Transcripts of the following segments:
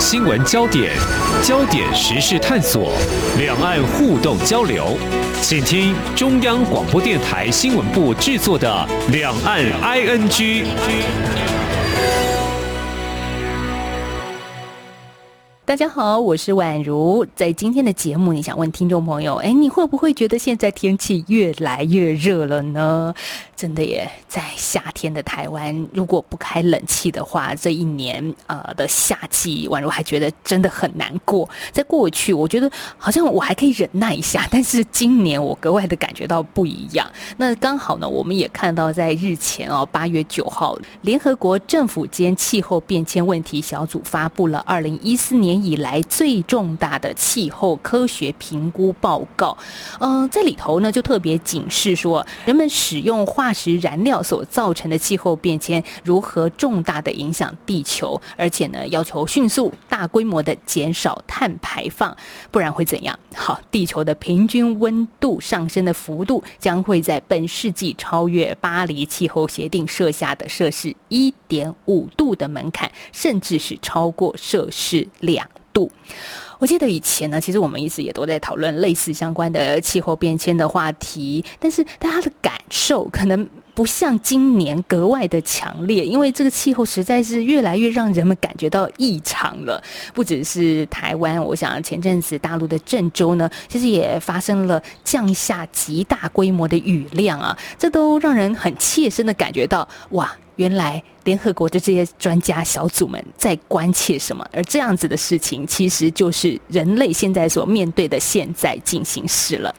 新聞焦點，焦點時事探索，兩岸互動交流，請聽中央廣播電台新聞部制作的《兩岸 ING》兩岸 ING。大家好，我是宛如。在今天的節目，你想問聽眾朋友，哎，你會不會覺得現在天氣越來越熱了呢？真的耶，在夏天的台灣，如果不開冷氣的話，這一年呃的夏季，宛如還覺得真的很難過。在過去，我覺得好像我還可以忍耐一下，但是今年我格外的感覺到不一樣。那剛好呢，我們也看到在日前哦，八月九號，聯合國政府間氣候變遷問題小組發布了二零一四年以來最重大的氣候科學評估報告。嗯、呃，在裡頭呢，就特別警示說，人們使用化化石燃料所造成的氣候變遷如何重大的影響地球，而且呢，要求迅速大規模的減少碳排放，不然會怎樣？好，地球的平均溫度上升的幅度將會在本世紀超越巴黎氣候協定設下的攝氏一點五度的門檻，甚至是超過攝氏兩度。我記得以前呢，其實我們一直也都在討論類似相關的氣候變遷的話題，但是大家的感受可能不像今年格外的強烈，因為這個氣候實在是越來越讓人們感覺到異常了。不只是台灣，我想前陣子大陸的鄭州呢，其實也發生了降下極大規模的雨量啊，這都讓人很切身的感覺到哇。原來聯合國的這些專家小組們在關切什麼？而這樣子的事情，其實就是人類現在所面對的現在進行時了。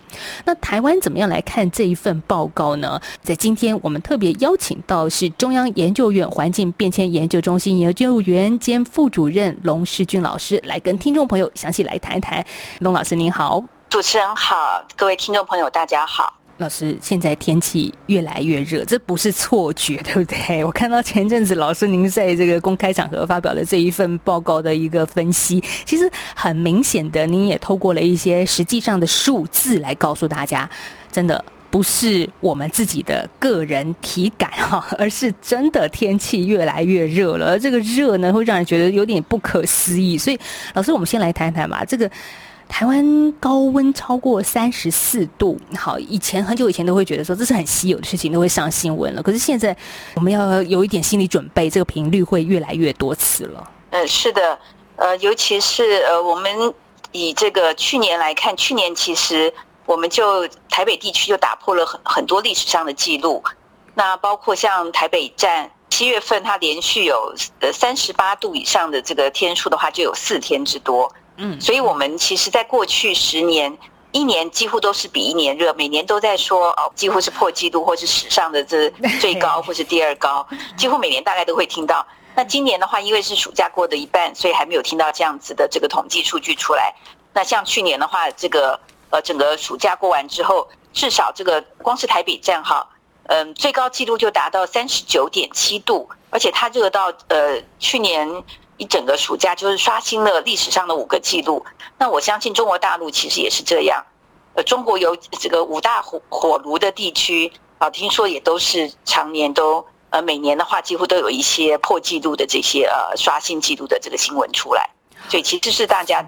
那台灣怎麼樣來看這一份報告呢？在今天，我們特別邀請到是中央研究院環境變遷研究中心研究員兼副主任龍世俊老師，來跟聽眾朋友詳細來談一談。龍老師您好，主持人好，各位聽眾朋友大家好。老師，現在天氣越來越熱，這不是錯覺，對不對？我看到前陣子老師您在這個公開場合發表的這一份報告的一個分析，其實很明顯的，您也透過了一些實際上的數字來告訴大家，真的不是我們自己的個人體感哈，啊，而是真的天氣越來越熱了。而這個熱呢，會讓人覺得有點不可思議。所以，老師，我們先來談談吧，這個。台灣高溫超過三十四度，好，以前很久以前都會覺得說，這是很稀有的事情，都會上新聞了。可是現在，我們要有一點心理準備，這個頻率會越來越多次了。呃，是的，呃，尤其是呃，我們以這個去年來看，去年其實我們就台北地區就打破了很很多歷史上的記錄。那包括像台北站，七月份它連續有呃三十八度以上的這個天數的話，就有四天之多。嗯，所以我們其實在過去十年，一年幾乎都是比一年熱，每年都在說哦，幾乎是破紀錄，或是史上的這最高或是第二高，幾乎每年大概都會聽到。那今年的話，因為是暑假過的一半，所以還沒有聽到這樣子的這個統計數據出來。那像去年的話，這個呃，整個暑假過完之後，至少這個光是台北站哈，嗯、呃，最高紀錄就達到三十九點七度，而且它熱到呃去年，一整個暑假就是刷新了歷史上的五個紀錄。那我相信中國大陸其實也是這樣。呃，中國有這個五大火火爐的地區，啊，聽說也都是常年都呃每年的話幾乎都有一些破紀錄的這些呃刷新紀錄的這個新聞出來。所以其實是大家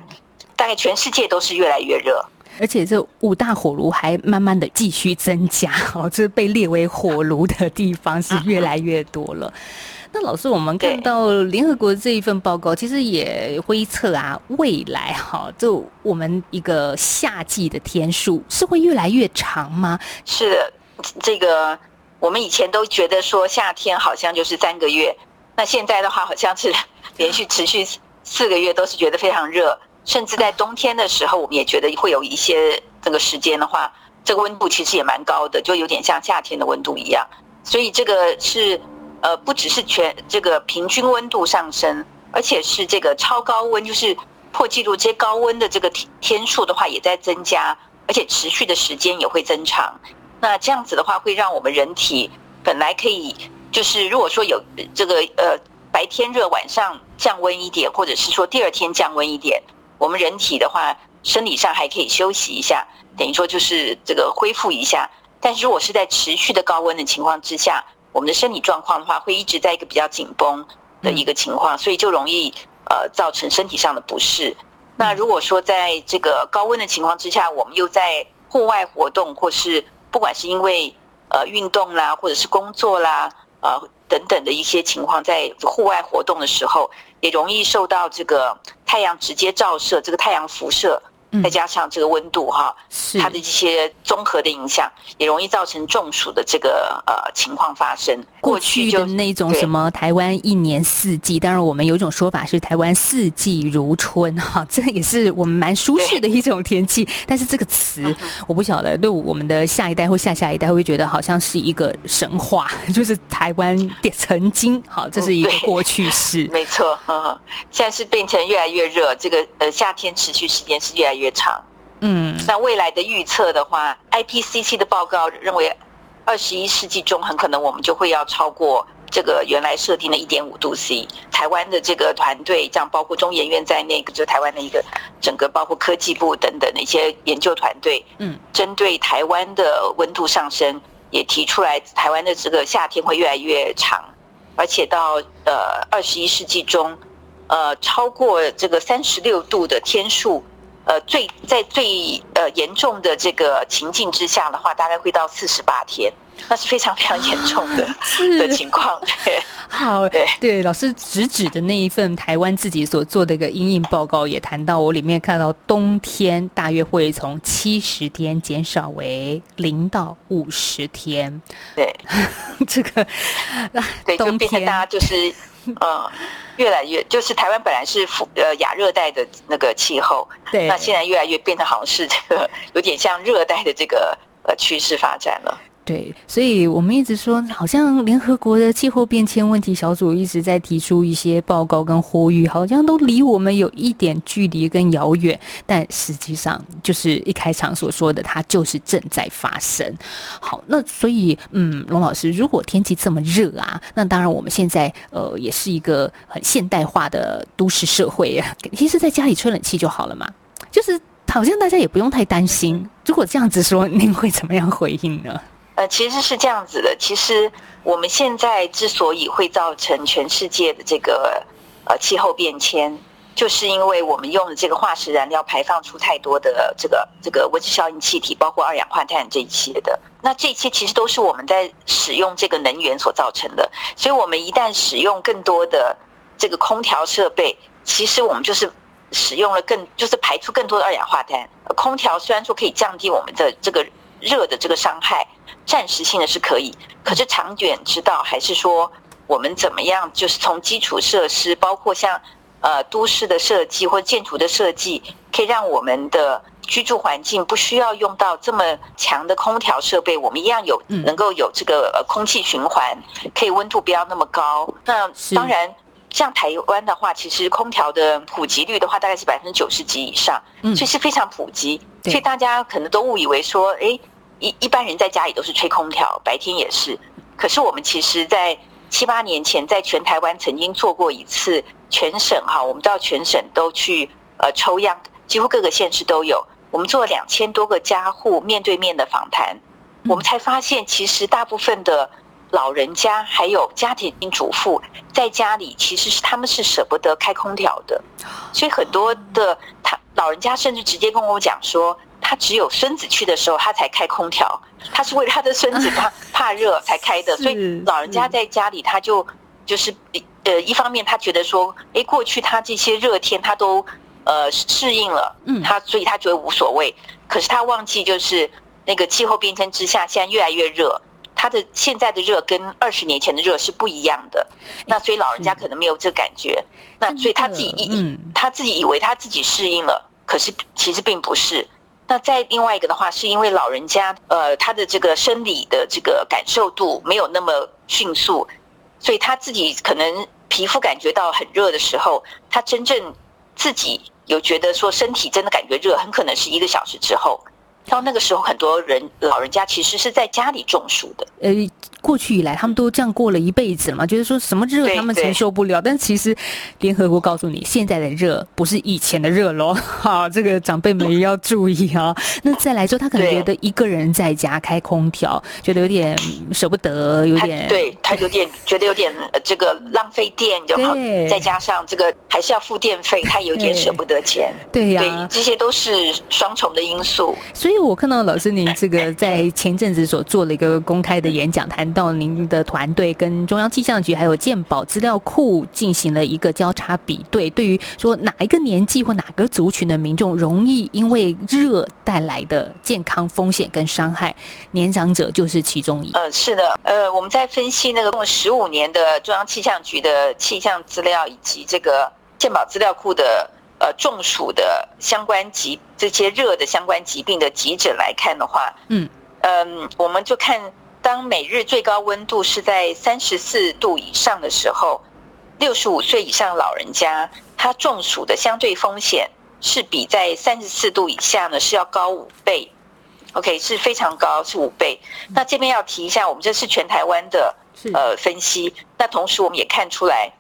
大概全世界都是越來越熱，而且這五大火爐還慢慢的繼續增加。哦，這、就是、被列為火爐的地方是越來越多了。啊啊啊那老師，我們看到聯合國這一份報告，其實也預測啊，未來哈，就我們一個夏季的天數是會越來越長嗎？是的，這個我們以前都覺得說夏天好像就是三個月，那現在的話好像是連續持續四個月都是覺得非常熱， 甚至在冬天的時候，我們也覺得會有一些這個時間的話，這個溫度其實也蠻高的，就有點像夏天的溫度一樣，所以這個是。呃，不只是全這個平均溫度上升，而且是這個超高溫，就是破紀錄這些高溫的這個天天數的話也在增加，而且持續的時間也會增長。那這樣子的話，會讓我們人體本來可以就是，如果說有這個呃白天熱晚上降溫一點，或者是說第二天降溫一點，我們人體的話，生理上還可以休息一下，等於說就是這個恢復一下。但是如果是在持續的高溫的情況之下，我們的身體狀況的話，會一直在一個比較緊繃的一個情況，所以就容易呃造成身體上的不適。那如果說在這個高溫的情況之下，我們又在戶外活動，或是不管是因為呃運動啦，或者是工作啦，呃等等的一些情況，在戶外活動的時候，也容易受到這個太陽直接照射，這個太陽輻射。再加上這個溫度哈、哦，是，它的一些綜合的影響，也容易造成中暑的這個呃情況發生。過去的那種什麼台灣一年四季，當然我們有一種說法是台灣四季如春哈，這也是我們蠻舒適的一種天氣。但是這個詞我不曉得，對我們的下一代或下下一代會覺得好像是一個神話，就是台灣曾經好，這是一個過去式。嗯、沒錯，現在是變成越來越熱，這個呃夏天持續時間是越來越。越長，嗯，那未來的預測的話，IPCC 的報告認為，二十一世紀中很可能我們就會要超過這個原來設定的一點五度 C。台灣的這個團隊，這樣包括中研院在內，就台灣的一個整個包括科技部等等的一些研究團隊，嗯，針對台灣的溫度上升也提出來，台灣的這個夏天會越來越長，而且到呃二十一世紀中，呃超過這個三十六度的天數，呃，最在最呃嚴重的這個情境之下的話，大概會到四十八天，那是非常非常嚴重的，啊，的情況。好對，對，老師直指的那一份台灣自己所做的一個因應報告也談到，我裡面看到冬天大約會從七十天減少為零到五十天。對， 這個那冬天大家就是。 嗯，越來越就是台灣本來是副呃亞熱帶的那個氣候，對，那現在越來越變得好像是這個有點像熱帶的這個呃趨勢發展了。對，所以我們一直說，好像聯合國的氣候變遷問題小組一直在提出一些報告跟呼籲，好像都離我們有一點距離跟遙遠。但實際上，就是一開場所說的，它就是正在發生。好，那所以，嗯，龍老師，如果天氣這麼熱啊，那當然我們現在呃，也是一個很現代化的都市社會啊，其實，在家裡吹冷氣就好了嘛。就是好像大家也不用太擔心。如果這樣子說，您會怎麼樣回應呢？呃，其實是這樣子的。其實我們現在之所以會造成全世界的這個呃氣候變遷，就是因為我們用的這個化石燃料排放出太多的這個這個溫室效應氣體，包括二氧化碳這一些的。那這些其實都是我們在使用這個能源所造成的。所以我們一旦使用更多的這個空調設備，其實我們就是使用了更就是排出更多的二氧化碳，呃，空調雖然說可以降低我們的這個熱的這個傷害。暫時性的是可以，可是長遠之道還是說，我們怎麼樣？就是從基礎設施，包括像呃都市的設計或建築的設計，可以讓我們的居住環境不需要用到這麼強的空調設備，我們一樣有能夠有這個、呃、空氣循環，可以溫度不要那麼高。那當然，像台灣的話，其實空調的普及率的話，大概是百分之九十幾以上，嗯，所以是非常普及，所以大家可能都誤以為說，哎、欸。一一般人在家裡都是吹空調，白天也是。可是我們其實，在七八年前，在全台灣曾經做過一次全省哈，我們到全省都去呃抽樣，幾乎各個縣市都有。我們做了兩千多個家戶面對面的訪談，我們才發現，其實大部分的老人家還有家庭主婦在家裡，其實是他們是捨不得開空調的。所以很多的他老人家甚至直接跟我講說。他只有孫子去的時候，他才開空調。他是為了他的孫子怕 怕熱才開的。所以老人家在家裡，他就就是呃，一方面他覺得說，哎，過去他這些熱天他都呃適應了，他所以他覺得無所謂、嗯。可是他忘記就是那個氣候變遷之下，現在越來越熱，他的現在的熱跟二十年前的熱是不一樣的。那所以老人家可能沒有這感覺。嗯、那所以他自己、嗯、他自己以為他自己適應了，可是其實並不是。那再另外一個的話，是因為老人家，呃，他的這個生理的這個感受度沒有那麼迅速，所以他自己可能皮膚感覺到很熱的時候，他真正自己有覺得說身體真的感覺熱，很可能是一個小時之後。到那個時候，很多人老人家其實是在家裡中暑的。呃，過去以來，他們都這樣過了一輩子嘛，覺、就、得、是、說什麼熱他們承受不了。但其實，聯合國告訴你，現在的熱不是以前的熱嘍。哈、啊，這個長輩們也要注意啊。那再來說，他可能覺得一個人在家開空調，覺得有點捨不得，有點他對他有點覺得有點、呃、這個浪費電，就好。再加上這個還是要付電費，他有點捨不得錢，對呀、啊，這些都是雙重的因素，所以。因為我看到老師您這個在前陣子所做了一個公開的演講，談到您的團隊跟中央氣象局還有健保資料庫進行了一個交叉比對，對於說哪一個年紀或哪個族群的民眾容易因為熱帶來的健康風險跟傷害，年長者就是其中一呃，是的，呃，我們在分析那個共十五年的中央氣象局的氣象資料以及這個健保資料庫的。呃，中暑的相關疾這些熱的相關疾病的急診來看的話，嗯嗯、呃，我們就看當每日最高溫度是在三十四度以上的時候，六十五歲以上老人家他中暑的相對風險是比在三十四度以下呢是要高五倍，OK 是非常高是五倍。那這邊要提一下，我們這是全台灣的呃分析，那同時我們也看出來。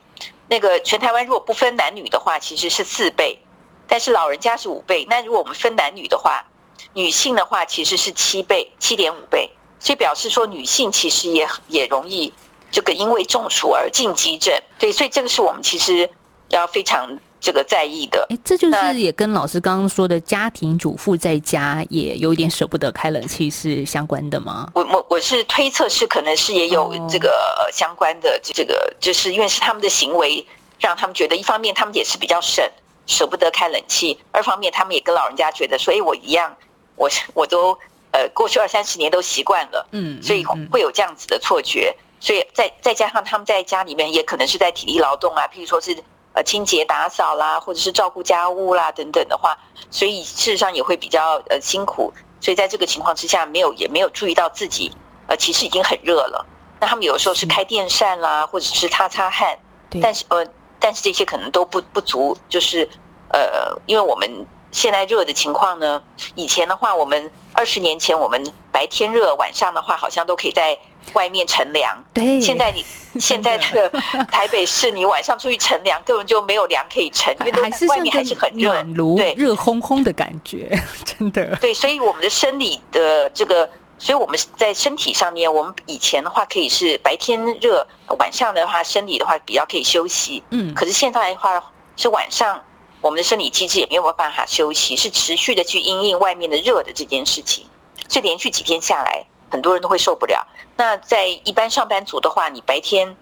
那個全台灣如果不分男女的話，其實是四倍，但是老人家是五倍。那如果我們分男女的話，女性的話其實是七倍，七點五倍。所以表示說女性其實也也容易這個因為中暑而進急診。對，所以這個是我們其實要非常。這個在意的、欸，這就是也跟老師剛剛說的家庭主婦在家也有點捨不得開冷氣是相關的嗎？我我我是推測是可能是也有這個、呃、相關的，這個就是因為是他們的行為讓他們覺得一方面他們也是比較省，捨不得開冷氣；二方面他們也跟老人家覺得，所、欸、以我一樣，我我都呃過去二三十年都習慣了，嗯，所以會有這樣子的錯覺、嗯。所以再再加上他們在家裡面也可能是在體力勞動啊，譬如說是。呃，清潔打掃啦，或者是照顧家務啦等等的話，所以事實上也會比較呃辛苦，所以在這個情況之下，沒有也沒有注意到自己，呃，其實已經很熱了。那他們有時候是開電扇啦，或者是擦擦汗，但是呃，但是這些可能都不不足，就是呃，因為我們現在熱的情況呢，以前的話我們。二十年前，我們白天熱，晚上的話好像都可以在外面乘涼。對，現在你現在這個台北市，你晚上出去乘涼，根本就沒有涼可以乘，因為它外面還是很熱，對，熱烘烘的感覺，真的。對，所以我們的生理的這個，所以我們在身體上面，我們以前的話可以是白天熱，晚上的話生理的話比較可以休息。嗯，可是現在的話是晚上。我們的生理機制也沒有辦法休息，是持續的去因應外面的熱的這件事情。所以連續幾天下來，很多人都會受不了。那在一般上班族的話，你白天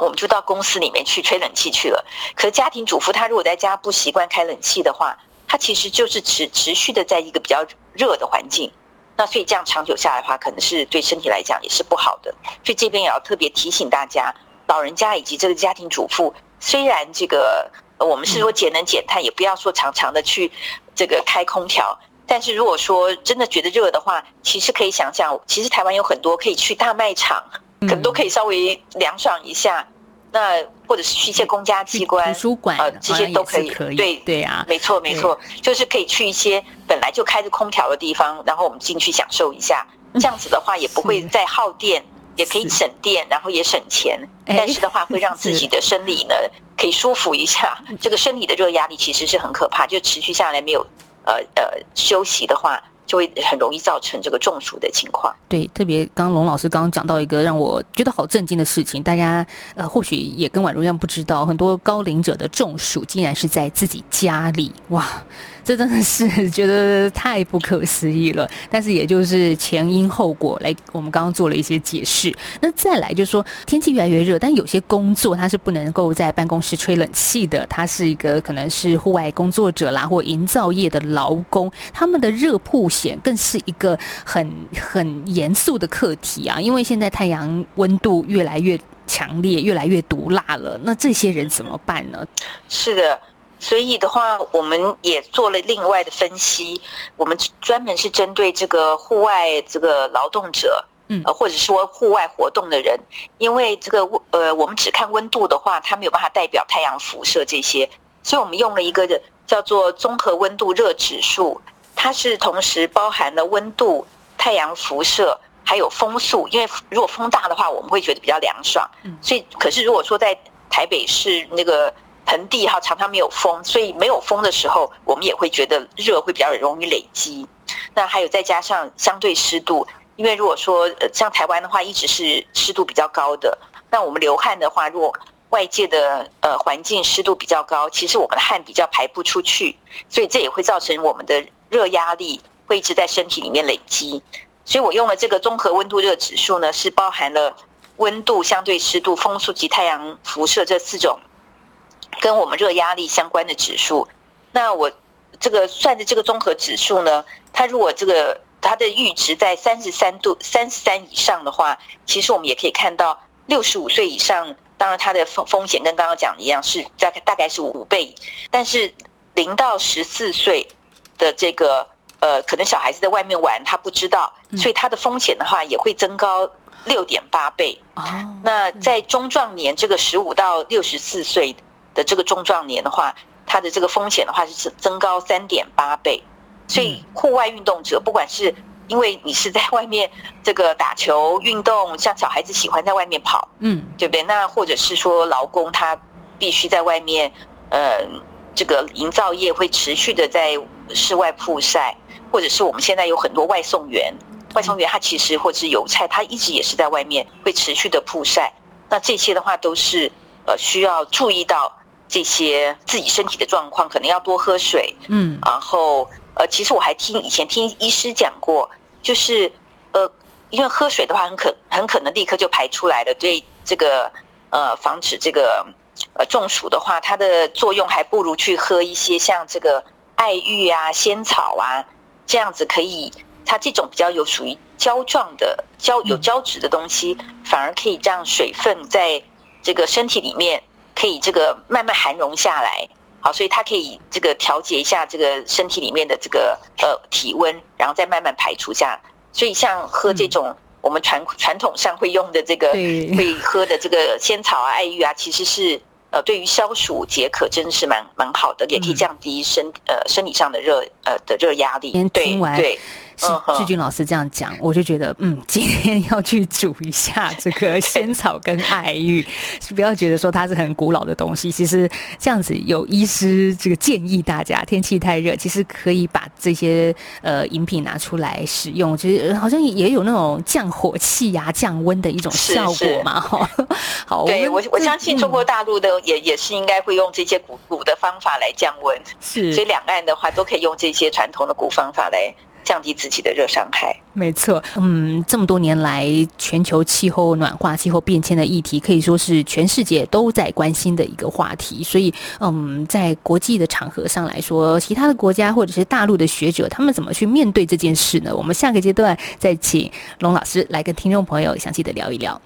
我們就到公司裡面去吹冷氣去了。可是家庭主婦她如果在家不習慣開冷氣的話，她其實就是持持續的在一個比較熱的環境。那所以這樣長久下來的話，可能是對身體來講也是不好的。所以這邊也要特別提醒大家，老人家以及這個家庭主婦，雖然這個。我們是說節能減碳、嗯，也不要說常常的去這個開空調。但是如果說真的覺得熱的話，其實可以想想，其實台灣有很多可以去大賣場，可能都可以稍微涼爽一下。嗯、那或者是去一些公家機關、圖書館、呃，這些都可以。啊、可以對對呀、啊，沒錯沒錯，就是可以去一些本來就開着空調的地方，然後我們進去享受一下。這樣子的話，也不會再耗電。嗯也可以省電，然後也省錢，但是的話會讓自己的生理呢、哎、可以舒服一下。這個生理的熱壓力其實是很可怕，就持續下來沒有，呃呃休息的話，就會很容易造成這個中暑的情況。對，特別剛龍老師剛剛講到一個讓我覺得好震驚的事情，大家呃或許也跟宛如一樣不知道，很多高齡者的中暑竟然是在自己家裡，哇！這真的是覺得太不可思議了，但是也就是前因後果，來，我們剛剛做了一些解釋。那再來就是說，天氣越來越熱，但有些工作它是不能夠在辦公室吹冷氣的，它是一個可能是戶外工作者啦，或營造業的勞工，他們的熱曝險更是一個很很嚴肅的課題啊！因為現在太陽溫度越來越強烈，越來越毒辣了，那這些人怎麼辦呢？是的。所以的話，我們也做了另外的分析。我們專門是針對這個戶外這個勞動者，嗯，或者說戶外活動的人，因為這個溫呃，我們只看溫度的話，它沒有辦法代表太陽輻射這些。所以我們用了一個叫做綜合溫度熱指數，它是同時包含了溫度、太陽輻射還有風速。因為如果風大的話，我們會覺得比較涼爽。嗯，所以可是如果說在台北市那個。盆地哈常常沒有風，所以沒有風的時候，我們也會覺得熱會比較容易累積。那還有再加上相對濕度，因為如果說呃像台灣的話，一直是濕度比較高的。那我們流汗的話，如果外界的呃環境濕度比較高，其實我們的汗比較排不出去，所以這也會造成我們的熱壓力會一直在身體裡面累積。所以我用了這個綜合溫度熱指數呢，是包含了溫度、相對濕度、風速及太陽輻射這四種。跟我們熱壓力相關的指數，那我這個算的這個綜合指數呢，它如果這個它的閾值在三十三度三十三以上的話，其實我們也可以看到六十五歲以上，當然它的風風險跟剛剛講的一樣，是大概大概是五倍，但是零到十四歲的這個呃，可能小孩子在外面玩，他不知道，所以它的風險的話也會增高六點八倍。哦，那在中壯年這個十五到六十四歲的這個中壯年的話，他的這個風險的話是增高三點八倍，所以戶外運動者，不管是因為你是在外面這個打球運動，像小孩子喜歡在外面跑，嗯，對不對？那或者是說勞工他必須在外面，呃，這個營造業會持續的在室外曝曬，或者是我們現在有很多外送員，外送員他其實或是郵差，他一直也是在外面會持續的曝曬，那這些的話都是呃需要注意到這些自己身體的狀況，可能要多喝水。嗯，然後呃，其實我還聽以前聽醫師講過，就是呃，因為喝水的話很可很可能立刻就排出來了，對這個呃防止這個呃中暑的話，它的作用還不如去喝一些像這個愛玉啊、仙草啊，這樣子可以，它這種比較有屬於膠狀的膠有膠質的東西，嗯，反而可以讓水分在這個身體裡面。可以這個慢慢含容下來，好，啊，所以它可以這個調節一下這個身體裡面的這個呃體溫，然後再慢慢排除下。所以像喝這種我們傳、嗯、傳統上會用的這個會喝的這個仙草啊、愛玉啊，其實是呃對於消暑解渴，真的是蠻蠻好的、嗯，也可以降低身呃生理上的熱呃的熱壓力。對，對。是，世俊老師這樣講，我就覺得嗯，今天要去煮一下這個仙草跟愛玉。 是不要覺得說它是很古老的東西。其實這樣子有醫師這個建議，大家天氣太熱，其實可以把這些呃飲品拿出來使用。其、就、實、是、好像也有那種降火氣呀、啊、降溫的一種效果嘛。哈、哦， 好，對我我相信中國大陸的也也是應該會用這些古古的方法來降溫。是，所以兩岸的話都可以用這些傳統的古方法來降低自己的熱傷害。沒錯，嗯，這麼多年來，全球氣候暖化、氣候變遷的議題可以說是全世界都在關心的一個話題。所以，嗯，在國際的場合上來說，其他的國家或者是大陸的學者，他們怎麼去面對這件事呢？我們下個階段再請龍老師來跟聽眾朋友詳細的聊一聊。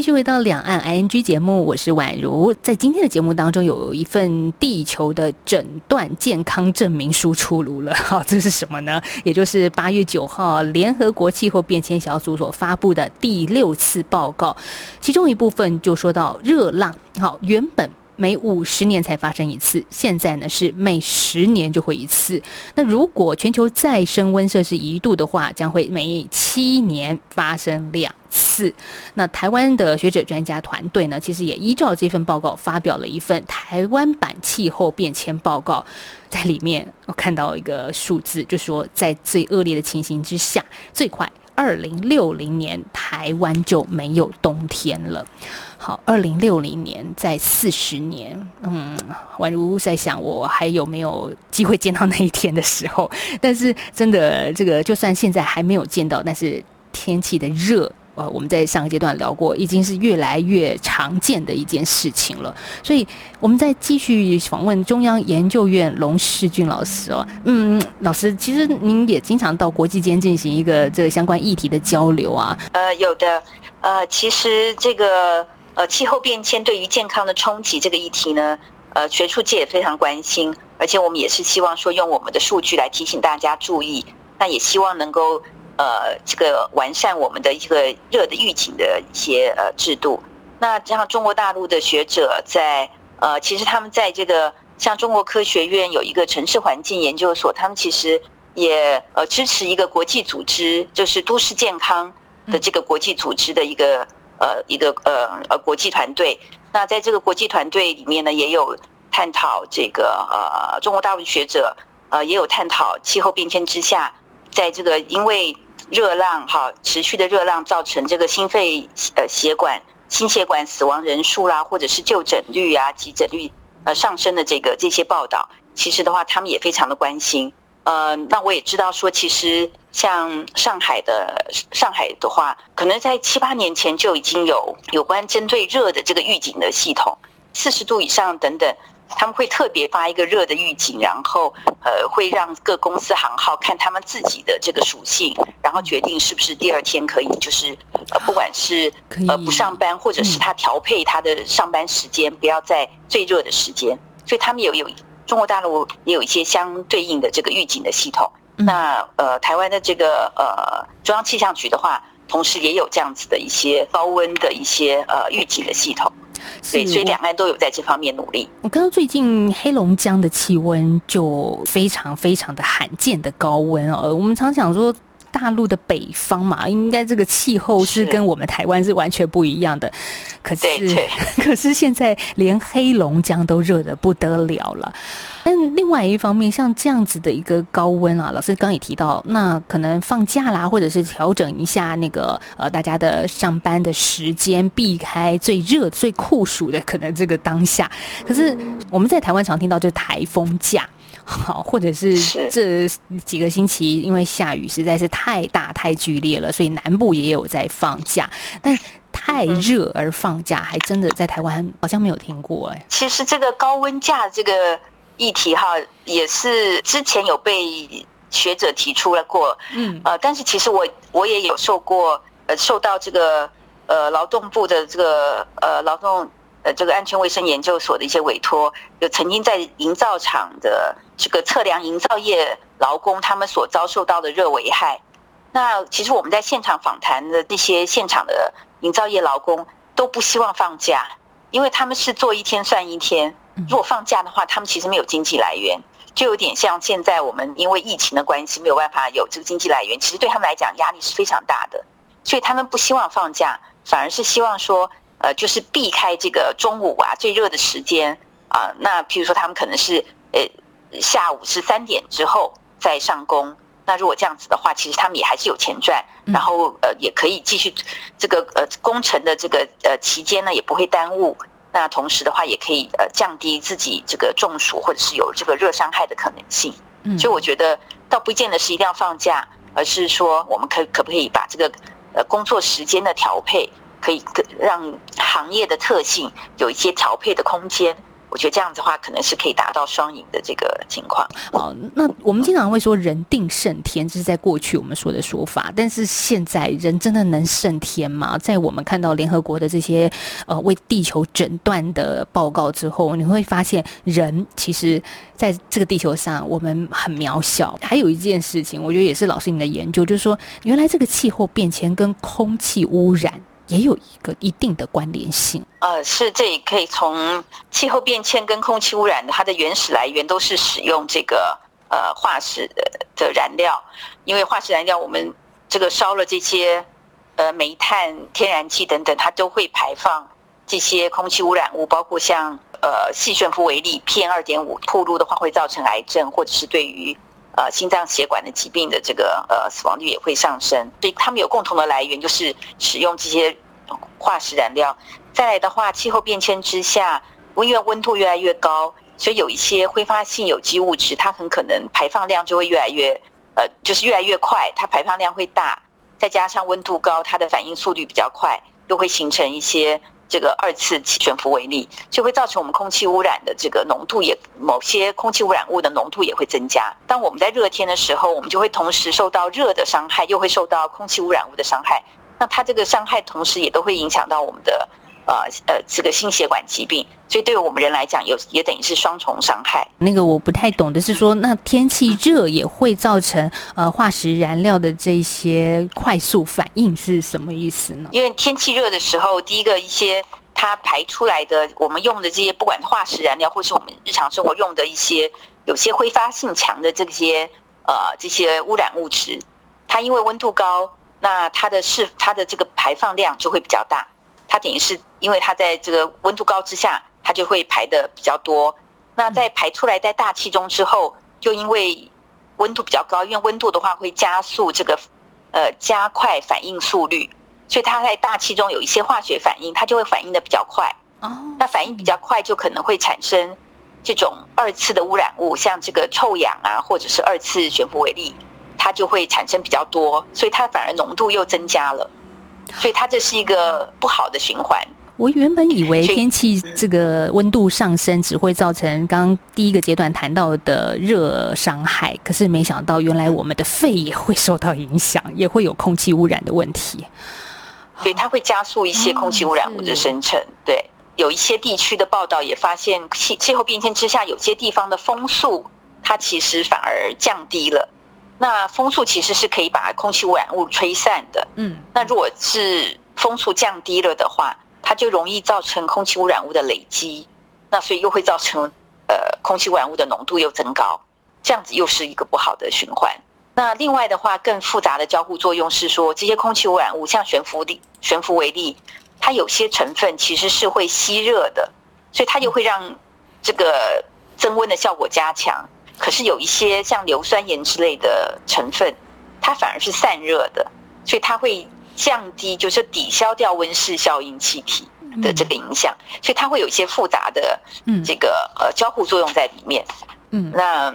繼續回到兩岸 ING 節目，我是宛如。在今天的節目當中，有一份地球的診斷健康證明書出爐了。好、哦，這是什麼呢？也就是八月九號，聯合國氣候變遷小組所發布的第六次報告，其中一部分就說到熱浪。好、哦，原本每五十年才發生一次，現在呢是每十年就會一次。那如果全球再升溫攝氏一度的話，將會每七年發生兩。四，那台灣的學者專家團隊呢，其實也依照這份報告發表了一份台灣版氣候變遷報告，在裡面我看到一個數字，就說在最惡劣的情形之下，最快二零六零年台灣就沒有冬天了。好，二零六零年在四十年，嗯，宛如在想我還有沒有機會見到那一天的時候，但是真的這個就算現在還沒有見到，但是天氣的熱。呃，我們在上個階段聊過，已經是越來越常見的一件事情了。所以，我們再繼續訪問中央研究院龍世俊老師哦。嗯，老師，其實您也經常到國際間進行一個這個相關議題的交流啊。呃，有的。呃，其實這個呃氣候變遷對於健康的衝擊這個議題呢，呃，學術界也非常關心，而且我們也是希望說用我們的數據來提醒大家注意，那也希望能夠。呃，這個完善我們的一個熱的預警的一些呃制度。那像中國大陸的學者在呃，其實他們在這個像中國科學院有一個城市環境研究所，他們其實也呃支持一個國際組織，就是都市健康的這個國際組織的一個呃一個呃呃國際團隊。那在這個國際團隊裡面呢，也有探討這個呃中國大陸的學者呃也有探討氣候變遷之下，在這個因為。熱浪，好，持續的熱浪造成這個心肺呃血管、心血管死亡人數啦、啊，或者是就診率啊、急診率、啊、呃上升的這個這些報道，其實的話，他們也非常的關心。呃，那我也知道說，其實像上海的上海的話，可能在七八年前就已經有有關針對熱的這個預警的系統，四十度以上等等。他們會特別發一個熱的預警，然後呃會讓各公司行號看他們自己的這個屬性，然後決定是不是第二天可以就是，呃不管是呃不上班，或者是他調配他的上班時間，不要在最熱的時間。所以他們有有中國大陸也有一些相對應的這個預警的系統。那呃台灣的這個呃中央氣象局的話，同時也有這樣子的一些高溫的一些呃預警的系統。所以，所以兩岸都有在這方面努力。我看到最近黑龍江的氣溫就非常非常的罕見的高溫呃、哦，我們常講說。大陸的北方嘛，應該這個氣候是跟我們台灣是完全不一樣的。是，可是，可是現在連黑龍江都熱得不得了了。但另外一方面，像這樣子的一個高溫啊，老師剛也提到，那可能放假啦，或者是調整一下那個呃大家的上班的時間，避開最熱最酷暑的可能這個當下。可是我們在台灣常聽到就是台風假。好，或者是這幾個星期因為下雨實在是太大太劇烈了，所以南部也有在放假。但是太熱而放假，嗯，還真的在台灣好像沒有聽過哎、欸。其實這個高溫假這個議題哈，也是之前有被學者提出了過，嗯，呃，但是其實我我也有受過，呃，受到這個呃勞動部的這個呃勞動。呃，這個安全衛生研究所的一些委托，有曾經在營造廠的這個測量營造業勞工，他們所遭受到的熱危害。那其實我們在現場訪談的那些現場的營造業勞工都不希望放假，因為他們是做一天算一天，如果放假的話，他們其實沒有經濟來源，就有點像現在我們因為疫情的關係沒有辦法有這個經濟來源，其實對他們來講壓力是非常大的，所以他們不希望放假，反而是希望說。就是避開這個中午啊，最熱的時間啊，那比如說他們可能是呃、欸、下午是三點之後再上工，那如果這樣子的話，其實他們也還是有錢賺，然後呃也可以繼續這個呃工程的這個呃期間呢也不會耽誤，那同時的話也可以呃降低自己這個中暑或者是有這個熱傷害的可能性，嗯，就我覺得倒不見得是一定要放假，而是說我們可可不可以把這個呃工作時間的調配。可以讓行業的特性有一些調配的空間，我覺得這樣子的話，可能是可以達到雙贏的這個情況。哦，那我們經常會說“人定勝天”這、就是在過去我們說的說法，但是現在人真的能勝天嗎？在我們看到聯合國的這些呃為地球診斷的報告之後，你會發現人其實在這個地球上我們很渺小。還有一件事情，我覺得也是老師你的研究，就是說原來這個氣候變遷跟空氣污染。也有一個一定的關聯性，呃，是這也可以從氣候變遷跟空氣污染的，它的原始來源都是使用這個呃化石的、的燃料，因為化石燃料我們這個燒了這些，呃，煤炭、天然氣等等，它都會排放這些空氣污染物，包括像呃細懸浮微粒、PM 二點五，暴露的話會造成癌症，或者是對於。呃，心臟血管的疾病的這個呃死亡率也會上升，所以他們有共同的來源，就是使用這些化石燃料。再來的話，氣候變遷之下，溫越溫度越來越高，所以有一些揮發性有機物質，它很可能排放量就會越來越，呃，就是越來越快，它排放量會大，再加上溫度高，它的反應速率比較快，又會形成一些。這個二次氣懸浮為例，就會造成我們空氣污染的這個濃度也，某些空氣污染物的濃度也會增加。當我們在熱天的時候，我們就會同時受到熱的傷害，又會受到空氣污染物的傷害。那它這個傷害同時也都會影響到我們的。呃呃，這個心血管疾病，所以對於我們人來講，有也等於是雙重傷害。那個我不太懂的是說，那天氣熱也會造成呃化石燃料的這些快速反應是什麼意思呢？因為天氣熱的時候，第一個一些它排出來的我們用的這些，不管化石燃料，或是我們日常生活用的一些有些揮發性強的這些呃這些污染物質，它因為溫度高，那它的是它的這個排放量就會比較大。它等於是，因為它在這個溫度高之下，它就會排的比較多。那在排出來在大氣中之後，就因為溫度比較高，因為溫度的話會加速這個呃加快反應速率，所以它在大氣中有一些化學反應，它就會反應的比較快。哦、嗯，那反應比較快，就可能會產生這種二次的污染物，像這個臭氧啊，或者是二次懸浮微粒，它就會產生比較多，所以它反而濃度又增加了。所以它這是一個不好的循環。我原本以為天氣這個溫度上升只會造成剛剛第一個階段談到的熱傷害，可是沒想到原來我們的肺也會受到影響，也會有空氣污染的問題。所以它會加速一些空氣污染物的生成。嗯、對，有一些地區的報道也發現，氣氣候變遷之下，有些地方的風速它其實反而降低了。那風速其實是可以把空氣污染物吹散的。嗯，那如果是風速降低了的話，它就容易造成空氣污染物的累積，那所以又會造成呃空氣污染物的濃度又增高，這樣子又是一個不好的循環。那另外的話，更複雜的交互作用是說，這些空氣污染物像懸浮力、懸浮微粒，它有些成分其實是會吸熱的，所以它就會讓這個增溫的效果加強。可是有一些像硫酸鹽之類的成分，它反而是散熱的，所以它會降低，就是抵消掉溫室效應氣體的這個影響，嗯，所以它會有一些複雜的這個，嗯、呃交互作用在裡面。嗯，那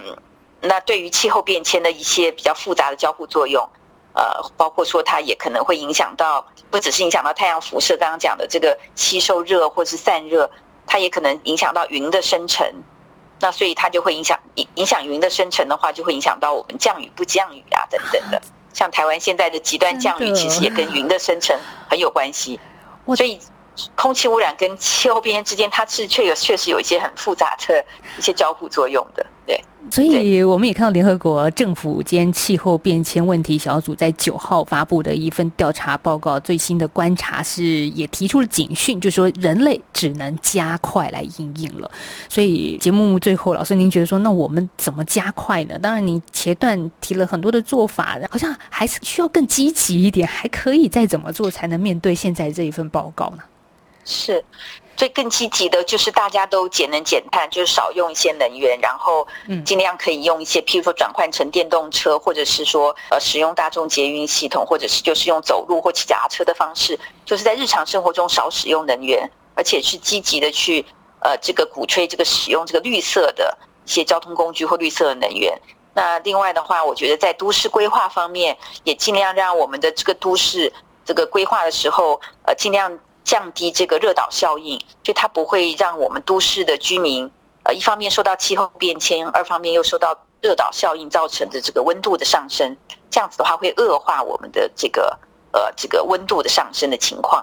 那對於氣候變遷的一些比較複雜的交互作用，呃，包括說它也可能會影響到，不只是影響到太陽輻射，剛剛講的這個吸收熱或是散熱，它也可能影響到雲的生成。那所以它就會影響影影響雲的生成的話，就會影響到我們降雨不降雨啊等等的。像台灣現在的極端降雨，其實也跟雲的生成很有關係。所以，空氣污染跟氣候變遷之間，它是確有確實有一些很複雜的一些交互作用的。對，對，所以我們也看到聯合國政府間氣候變遷問題小組在九號發布的一份調查報告，最新的觀察是也提出了警訊，就是說人類只能加快來因應了。所以節目最後，老師您覺得說，那我們怎麼加快呢？當然，你前段提了很多的做法，好像還是需要更積極一點，還可以再怎麼做才能面對現在這一份報告呢？是。所以更積極的就是大家都節能減碳，就是少用一些能源，然後嗯，儘量可以用一些，譬如說轉換成電動車，或者是說呃使用大眾捷運系統，或者是就是用走路或騎腳踏車的方式，就是在日常生活中少使用能源，而且是積極的去呃這個鼓吹這個使用這個綠色的一些交通工具或綠色的能源。那另外的話，我覺得在都市規劃方面也儘量讓我們的這個都市這個規劃的時候呃儘量。降低這個熱島效應，就它不會讓我們都市的居民，呃，一方面受到氣候變遷，二方面又受到熱島效應造成的這個溫度的上升，這樣子的話會惡化我們的這個呃這個溫度的上升的情況。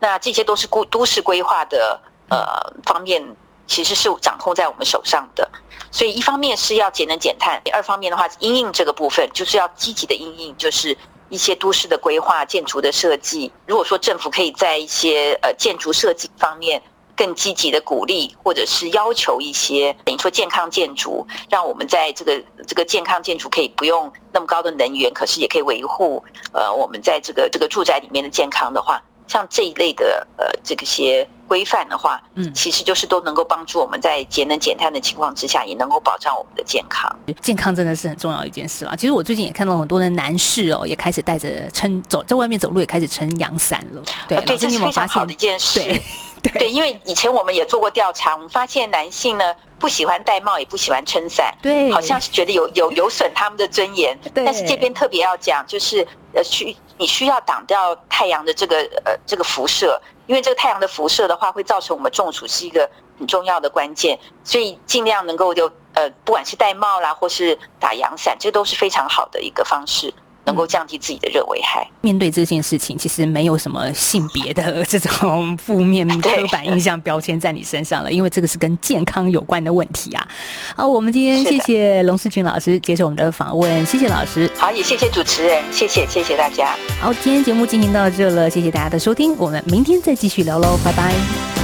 那這些都是故都市規劃的呃方面。其實是掌控在我們手上的，所以一方面是要節能減碳，第二方面的話，因應這個部分就是要積極的因應，就是一些都市的規劃、建築的設計。如果說政府可以在一些呃建築設計方面更積極的鼓勵，或者是要求一些等於說健康建築，讓我們在這個這個健康建築可以不用那麼高的能源，可是也可以維護呃我們在這個這個住宅裡面的健康的話，像這一類的呃，這個些規範的話，嗯，其實就是都能夠幫助我們在節能減碳的情況之下，也能夠保障我們的健康。健康真的是很重要的一件事了。其實我最近也看到很多的男士哦，也開始帶着撐走在外面走路，也開始撐陽傘了。對，呃、對有有這是非常好的一件事。 對，對，因為以前我們也做過調查，我們發現男性呢不喜歡戴帽，也不喜歡撐傘，對，好像是覺得有有有損他們的尊嚴。但是這邊特別要講，就是呃需你需要擋掉太陽的這個呃這個輻射，因為這個太陽的輻射的話會造成我們中暑，是一個很重要的關鍵，所以盡量能夠就呃不管是戴帽啦，或是打陽傘，這都是非常好的一個方式。能夠降低自己的熱危害。面對這件事情，其實沒有什麼性別的這種負面刻板印象標籤在你身上了，因為這個是跟健康有關的問題啊。好，我們今天謝謝龍世俊老師接受我們的訪問，謝謝老師。好，也謝謝主持人，謝謝，謝謝大家。好，今天節目進行到這了，謝謝大家的收聽，我們明天再繼續聊嘍，拜拜。